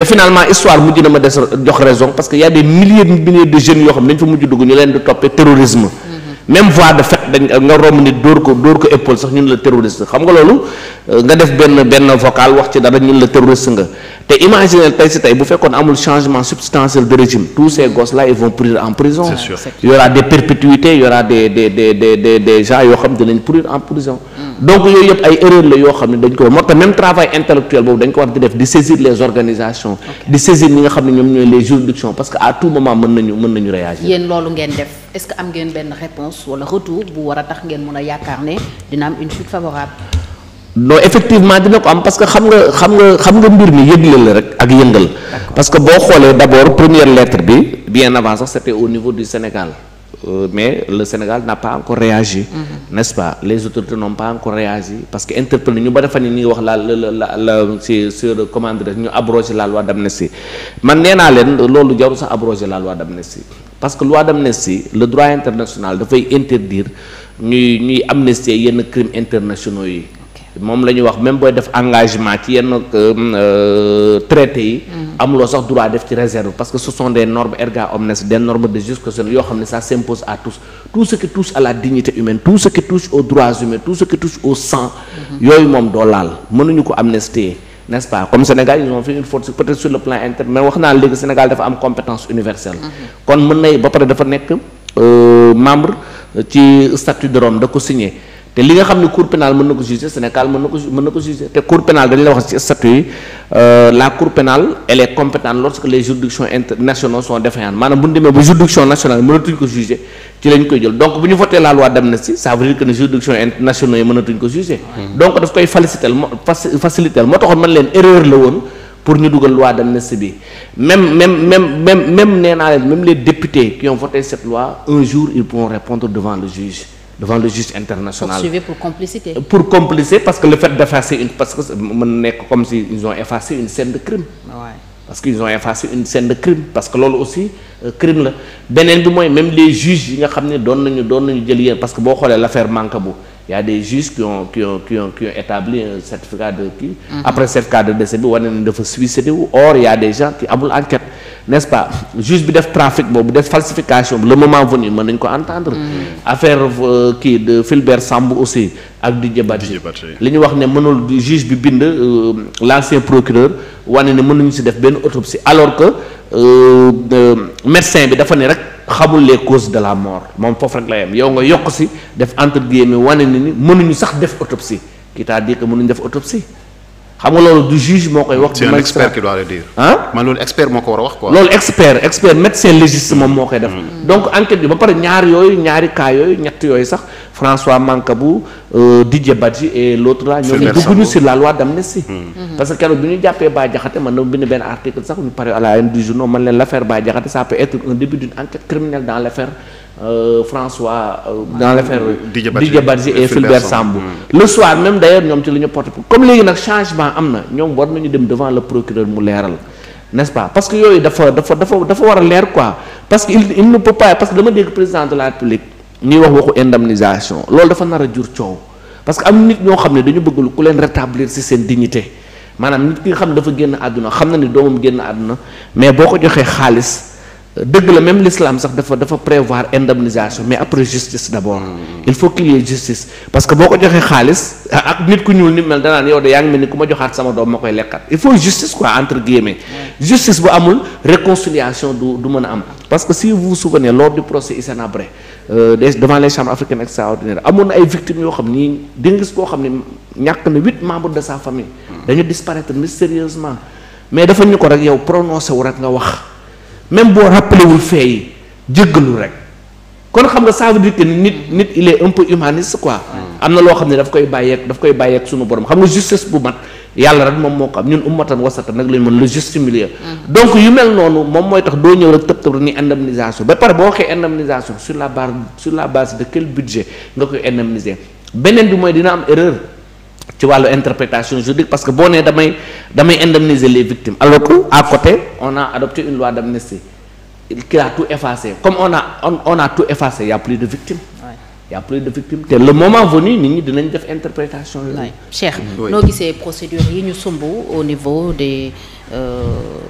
te finalement histoire mujj na ma des jox raison parce que y a des milliers de jeunes yoo xam ne dañ fa mujj dugg ñu leen di toppee terrorisme même voie de fait dañ nga romb nit dóor ko dóor ko épaule sax ñun la terroriste xam nga loolu euh, nga def benn benn vocal wax ci dara ñun la terroriste nga te imaginer tey si tey bu fekkoon amul changement substantiel de régime tous ces gosses là ils vont pourrir en prison c'est sûr il y aura des perpétuités il y aura des yoo xam dinañ en prison mm. donc yooyu yëpp ay erreur la yoo xam ne dañ ko moo tax même travail intellectuel boobu dañ ko war di def di saisir les organisations est-ce que am ngeen benn réponse wala retour bu war a tax ngeen mën a yaakaar ne dina am une suite favorable. non effectivement dina ko am parce que xam nga xam nga xam nga mbir mi yëgle la rek ak yëngal. parce que boo xoolee d'abord première lettre bi bien avant sax c'était au niveau du Sénégal. Euh, mais le Sénégal n'a pas encore réagi. Mmh. n'est-ce pas les autorités n'ont pas encore réagi parce que interpellé ñu ba dafa ni ñuy wax la la la la ci sur commande ñu abroger la loi man nee naa leen loolu jarul sax abroger la loi d'amnistie parce que loi d'amnistie le droit international dafay interdire ñuy ñuy amnistier yenn crimes internationaux yi moom la ñuy wax même booy def engagement ci yenn euh, euh, traité yi mm-hmm. amuloo sax droit def ci réserve parce que ce sont des normes erga omnes des normes de jurisprudence yoo xam ne ça s'impose à tous tout ce qui touche à la dignité humaine tout ce qui touche droits humains tout ce qui au sang mm-hmm. yooyu moom doo laal mënuñu ko amnistier nest pas comme Sénégal ils ont fait une faute peut sur le plan interne mais wax naa léegi Sénégal dafa am compétence universelle mhm. kon mën nay ba pare dafa nekk euh, membre ci statut de Rome da ko signé te li nga xam ne cour pénale mën na ko juger Sénégal mën na ko mën na ko te cour pénale dañu la wax ci statut yi euh, la cour pénale elle est compétente lorsque les juridictions internationales sont défaillantes maanaam bu ñu demee ba juridiction nationale mënatuñ ko juger ci lañ koy jël donc bu ñu voté la loi d'amnistie ça veut dire que ne juridiction internationale yi mënatuñ ko juger donc daf koy faciliter mo faciliter moo taxoon man leen erreur la woon pour ñu dugal loi d'amnistie même même nee naa même les députés qui ont voté cette loi un jour ils devant le juge international. poursuivi pour complicité. pour parce que le fait d'effacer une parce que mën nekk comme si ils ont effacé une scène de crime. parce que loolu aussi euh, crime la beneen bi mooy même les juges yi nga xam ne doon nañu doon nañu jël yéen parce que boo xoolee l'affaire Mancabou y a des juges qui ont qui ont établi un de kii. Mm-hmm. après certificat de décès bi wane dafa suicidé wu or des gens qui amul enquête. n'est-ce pas juge bi def trafic boobu def falsification bi le moment venu mën nañ ko entendre. Mm. affaire euh, kii de Fulbert Sambou aussi ak Didier Badji. li ñu wax ne mënul juge bi bind euh, l'ancien procureur wane ne mënuñu si def benn autopsie alors que euh, médecin bi dafa ne rek xamul les causes de la mort moom foofu rek la yem yow nga yokk si def entre guillemets wane ne ni mënuñu sax def autopsie c'est-à-dire que mënuñu def autopsie. xam nga loolu du juge moo koy wax. du magistrat c'est un man loolu expert moo ko war a wax quoi. loolu expert expert médecin légiste moom moo koy def. Mm. donc enquête bi ba pare ñaar yooyu ñaari cas yooyu ñett yooyu sax François Mancabou euh, Didier Badji et l'autre là. ñoo ngi dugg ñu sur la loi d'amnistie. Mm. Mm-hmm. parce que keroog bi ñu jàppee Bah Diakhaté man dama bind benn article sax ñu pare à la une du journal man leen l'affaire Bah Diakhaté ça peut être un début d'une Euh, François euh, dans l'affaire Didier Badji et Fulbert Sambou mm. le soir même d'ailleurs ñoom ci la ñu porte comme léegi nag changement am na ñoom war nañu dem devant le procureur mu leeral n'est-ce pas parce que yooyu dafa dafa dafa dafa war a leer quoi parce que il il ne peut pas parce que dama dégg président de la République ñuy wax waxu indemnisation loolu dafa nar a jur coow parce que am nit ñoo xam ne dañu bëgg ku leen rétablir ci seen dignité maanaam nit ki nga xam ne dafa génn àdduna xam na ni doomam génn àdduna mais boo ko joxee xaalis dëgg la même l'islam sax dafa dafa prévoir indemnisation mais après justice d'abord il faut qu'il y justice parce que boo ko joxee xaalis ak nit ku ñuul ni mel danaan yow de yaa ngi mel ni ku ma joxaat sama doom ma koy lekkat il faut justice quoi entre guillemets justice bu amul réconciliation du du mën a am parce que si vous vous souvenez lors du procès Hissène Habré euh, devant les chambres africaines extraordinaires amoon na ay victimes yoo xam ni di nga gis koo xam ne ñàkk na huit membres de sa famille hmm. dañu disparaître mystérieusement mais dafa ñu ko rek yow prononcé wu rek nga wax même boo rappelé wul fee yi rek kon xam nga ça veut dire nit nit il est un peu humaniste quoi. Hmm. am na loo xam ne daf koy bàyyeek daf koy bàyyeek suñu borom xam nga justice bu mat yàlla rek moom moo am ñun ummatan wasata nag lañ mën le juste milieu. Hmm. donc yu mel noonu moom mooy tax doo ñëw rek tëb tëb ni indemnisation ba pare boo waxee indemnisation sur la base sur la base de quel budget nga koy indemniser beneen bi mooy dina am erreur. ci wàllu interprétation juridique parce que boo nee damay damay indemniser les victimes alors que à côté on a adopté une loi d'amnistie qui a tout effacé comme on a on, on a tout effacé il y a plus de victimes y a plus de victimes te le moment venu nit ñi dinañ def interprétation yooyu. Cheikh noo gisee procédure yi ñu sumb au niveau des. Euh...